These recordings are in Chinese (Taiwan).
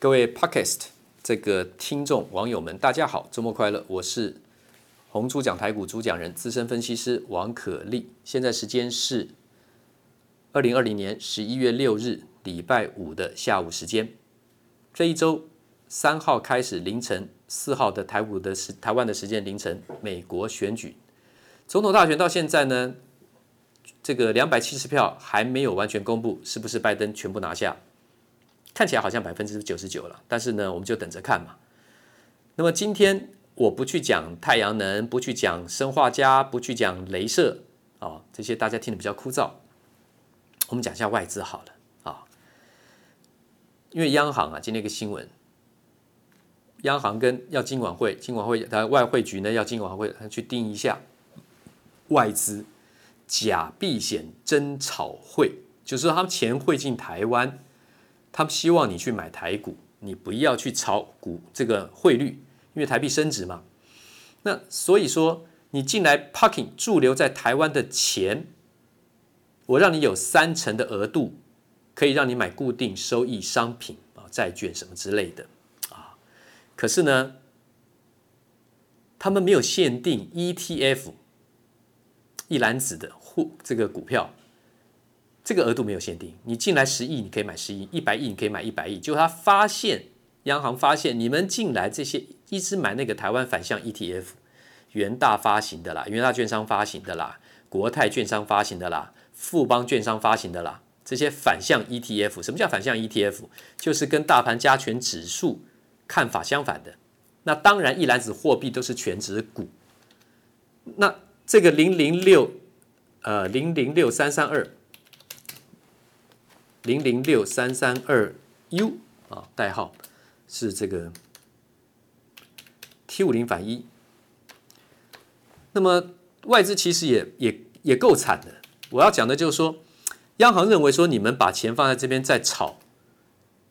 各位 Podcast 這個聽眾網友們，大家好，週末快樂！我是紅豬講台股主講人、資深分析師王可立。現在時間是二零二零年十一月六日禮拜五的下午時間。這一週三號開始，凌晨四號的台股的時台灣的時間凌晨，美國選舉總統大選到現在呢，這個兩百七十票還沒有完全公布，是不是拜登全部拿下？看起來好像百分之九十九了，但是呢，我們就等着看嘛。那麼今天我不去講太陽能，不去講生化家，不去講雷射啊、哦，這些大家聽得比較枯燥。我們講一下外資好了啊、哦，因為央行啊，今天一個新聞，央行跟要金管會，金管會的外匯局呢，要金管會去盯一下外資假避險真炒匯，就是他們錢匯進台灣。他們希望你去買台股，你不要去炒股這個匯率，因為台幣升值嘛。那所以說，你進來 parking 駐留在台灣的錢，我讓你有三成的額度，可以讓你買固定收益商品啊，債券什麼之類的啊。可是呢，他們沒有限定 ETF 一籃子的戶，這個股票。這個額度沒有限定，你進來十億，你可以買十億，一百億你可以買一百億。結果他發現，央行發現你們進來這些一直買那個台灣反向 ETF，元大發行的啦，元大券商發行的啦，國泰券商發行的啦，富邦券商發行的啦，這些反向 ETF，什麼叫反向 ETF？就是跟大盤加權指數看法相反的。那當然，一籃子貨幣都是權值股。那這個零零六，呃，零零六三三二。零零六三三二 U 啊，代號是這個 T 五零反一。那麼外資其實也也也夠慘的。我要講的就是說，央行認為說你們把錢放在這邊再炒，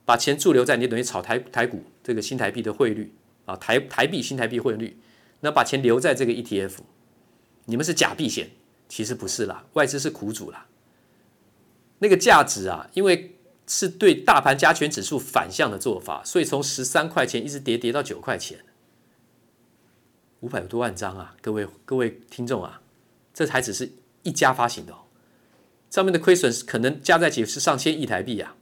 把錢駐留在你等於炒台台股這個新台幣的匯率啊，台台幣新台幣匯率，那把錢留在這個 ETF，你們是假避險，其實不是啦，外資是苦主啦。那個價值啊，因為是對大盤加權指數反向的做法，所以從十三塊錢一直跌跌到九塊錢，五百多萬張啊，各位各位聽眾啊，這還只是一家發行的哦，上面的虧損是可能加在一起是上千億台幣啊，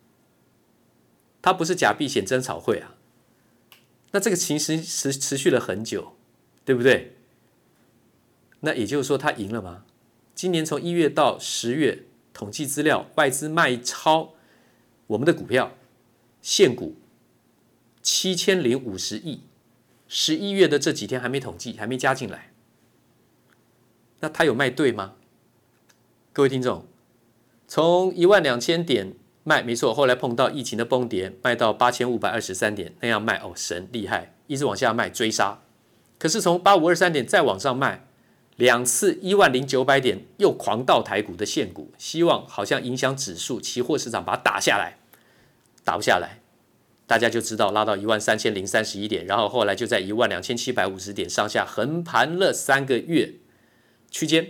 它不是假避險真炒匯啊，那這個情形持持,持續了很久，對不對？那也就是說，它贏了嗎？今年從一月到十月。統計資料，外資賣超我們的股票，現股七千零五十億，十一月的這幾天還沒統計，還沒加進來。那他有賣對嗎？各位聽眾，從一萬兩千點賣沒錯，後來碰到疫情的崩跌，賣到八千五百二十三點那樣賣，哦神厲害，一直往下賣追殺，可是從八五二三點再往上賣。兩次一萬零九百點又狂倒台股的現股，希望好像影響指數，期貨市場把它打下來，打不下來，大家就知道拉到一萬三千零三十一點，然後後來就在一萬兩千七百五十點上下橫盤了三個月區間，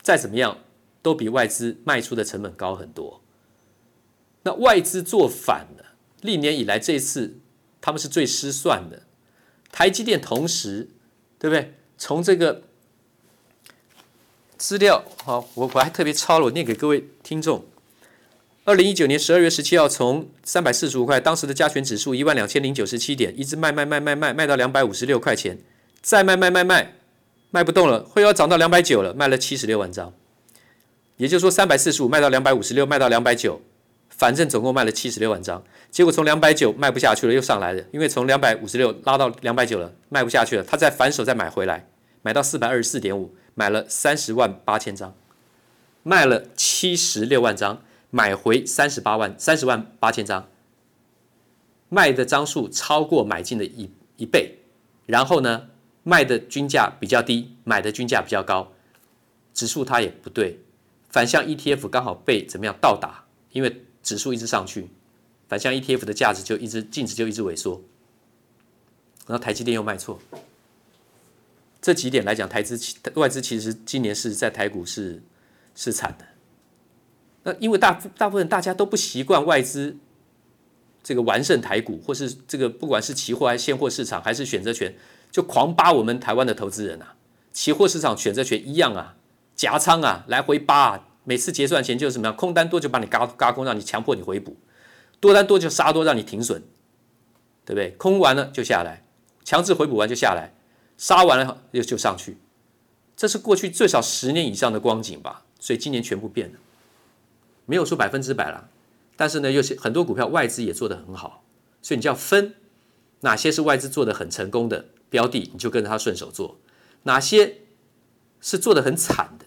再怎麼樣都比外資賣出的成本高很多。那外資做反了，歷年以來這一次他們是最失算的。台積電同時，對不對？從這個。資料好，我我還特別抄了，我念給各位聽眾。二零一九年十二月十七號，從三百四十五塊，當時的加權指數一萬兩千零九十七點，一直賣賣賣賣賣賣，賣到兩百五十六塊錢，再賣賣賣賣，賣不動了，會要漲到兩百九了，賣了七十六萬張。也就是說，三百四十五賣到兩百五十六，賣到兩百九，反正總共賣了七十六萬張。結果從兩百九賣不下去了，又上來了，因為從兩百五十六拉到兩百九了，賣不下去了，他再反手再買回來，買到四百二十四點五。買了三十萬八千張，賣了七十六萬張，買回三十八萬，三十萬八千張。賣的張數超過買進的一一倍，然後呢，賣的均價比較低，買的均價比較高，指數它也不對，反向 ETF 剛好被怎麼樣倒打，因為指數一直上去，反向 ETF 的價值就一直淨值就一直萎縮，然後台積電又賣錯。這幾點來講，台資、外資其實今年是在台股是是慘的。那因為大大部分大家都不習慣外資這個完勝台股，或是這個不管是期貨還是現貨市場，還是選擇權，就狂扒我們台灣的投資人啊。期貨市場選擇權一樣啊，夾倉啊，來回扒啊，每次結算前就是什麼樣，空單多就把你嘎嘎空，讓你強迫你回補；多單多就殺多，讓你停損，對不對？空完了就下來，強制回補完就下來。殺完了以後，又就上去，這是過去最少十年以上的光景吧，所以今年全部變了，沒有說百分之百了，但是呢，又是很多股票外資也做得很好，所以你就要分哪些是外資做得很成功的標的，你就跟着他順手做；哪些是做得很慘的，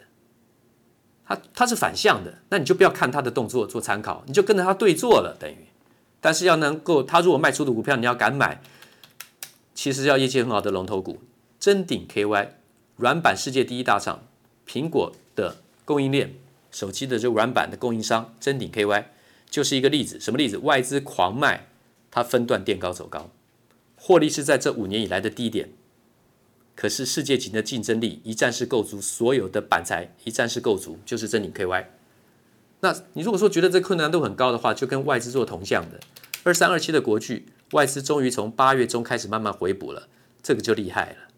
它它是反向的，那你就不要看它的動作做參考，你就跟着它對做了等於，但是要能夠它如果賣出的股票你要敢買，其實要業績很好的龍頭股。臻鼎 KY 軟板世界第一大廠，蘋果的供應鏈，手機的這個軟板的供應商臻鼎 KY 就是一個例子。什麼例子？外資狂賣，它分段墊高走高，獲利是在這五年以來的低點。可是世界級的競爭力，一站式購足所有的板材，一站式購足就是臻鼎 KY。那你如果說覺得這困難度很高的話，就跟外資做同向的二三二七的國巨，外資終於從八月中開始慢慢回補了，這個就厲害了。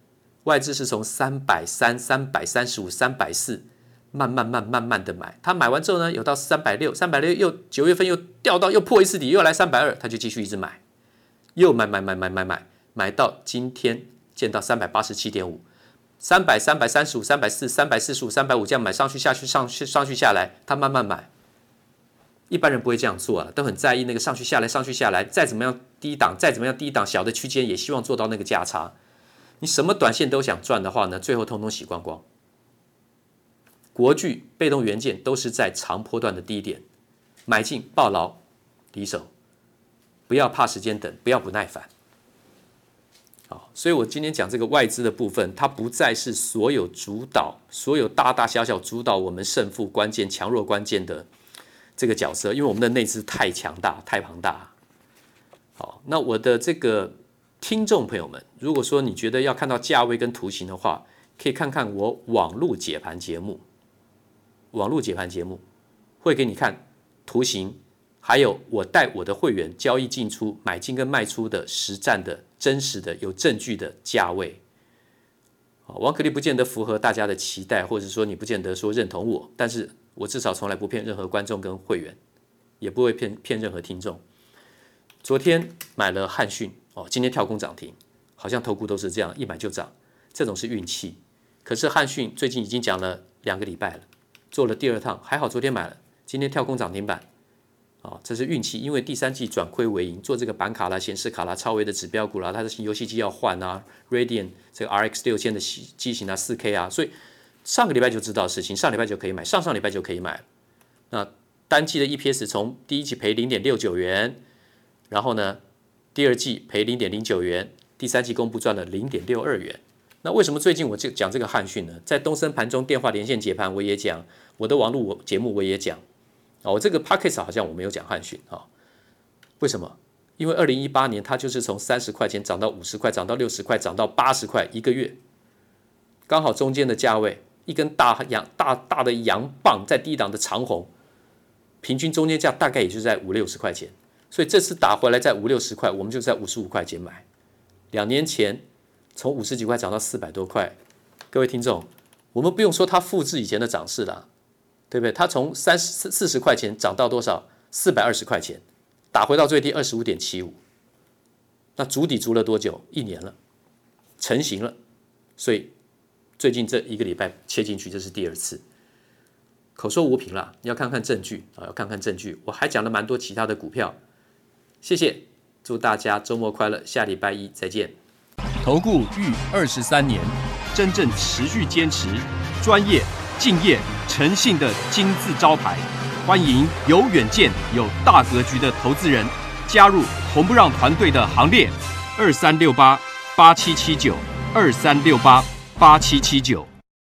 外資是從三百三、三百三十五、三百四，慢慢慢、慢慢的買。他買完之後呢，有到三百六、三百六，又九月份又掉到又破一次底，又來三百二，他就繼續一直買，又買買買買買買，買到今天見到三百八十七點五，三百三百三十五、三百四、三百四十五、三百五這樣買上去、下去、上去、上去、上去下來，他慢慢買。一般人不會這樣做啊，都很在意那個上去、下來、上去、下來，再怎麼樣低檔，再怎麼樣低檔小的區間，也希望做到那個價差。你什麼短線都想賺的話呢，最後通通洗光光。國巨被動元件都是在長波段的低點買進，抱牢，離手，不要怕時間等，不要不耐煩。好，所以我今天講這個外資的部分，它不再是所有主導、所有大大小小主導我們勝負關鍵、強弱關鍵的這個角色，因為我們的內資太強大、太龐大。好，那我的這個。聽眾朋友們，如果說你覺得要看到價位跟圖形的話，可以看看我網絡解盤節目。網絡解盤節目會給你看圖形，還有我帶我的會員交易進出、買進跟賣出的實戰的真實的有證據的價位。王可立不見得符合大家的期待，或者說你不見得說認同我，但是我至少從來不騙任何觀眾跟會員，也不會騙騙任何聽眾。昨天買了漢訊。哦，今天跳空漲停，好像投股都是這樣，一買就漲，這種是運氣。可是撼訊最近已經講了兩個禮拜了，做了第二趟，還好昨天買了，今天跳空漲停板，哦，這是運氣。因為第三季轉虧為盈，做這個板卡啦、顯示卡啦、超微的指標股啦，它的遊戲機要換啊，Radeon，這個 RX 六千的機型啊，四 K 啊，所以上個禮拜就知道事情，上禮拜就可以買，上上禮拜就可以買。那單季的 EPS 從第一季賠零點六九元，然後呢？第二季賠零點零九元，第三季公布賺了零點六二元。那為什麼最近我就講這個漢遜呢？在東森盤中電話連線解盤，我也講；我的網絡節目我也講。哦，我這個 podcast 好像我沒有講漢遜啊？為什麼？因為二零一八年它就是從三十塊錢漲到五十塊，漲到六十塊，漲到八十塊，一個月剛好中間的價位一根大陽，大大的陽棒，在低檔的長虹，平均中間價大概也就在五六十塊錢。所以這次打回來在五六十塊，我們就在五十五塊錢買。兩年前從五十幾塊漲到四百多塊，各位聽眾，我們不用說它複製以前的漲勢了，對不對？它從三十四四十塊錢漲到多少？四百二十塊錢，打回到最低二十五點七五，那築底築了多久？一年了，成型了。所以最近這一個禮拜切進去，這是第二次。口說無憑了，你要看看證據啊，要看看證據。我還講了蠻多其他的股票。謝謝，祝大家週末快樂，下禮拜一再見。投顧逾二十三年，真正持續堅持、專業、敬業、誠信的金字招牌，歡迎有遠見、有大格局的投資人加入紅不讓團隊的行列。二三六八八七七九，二三六八八七七九。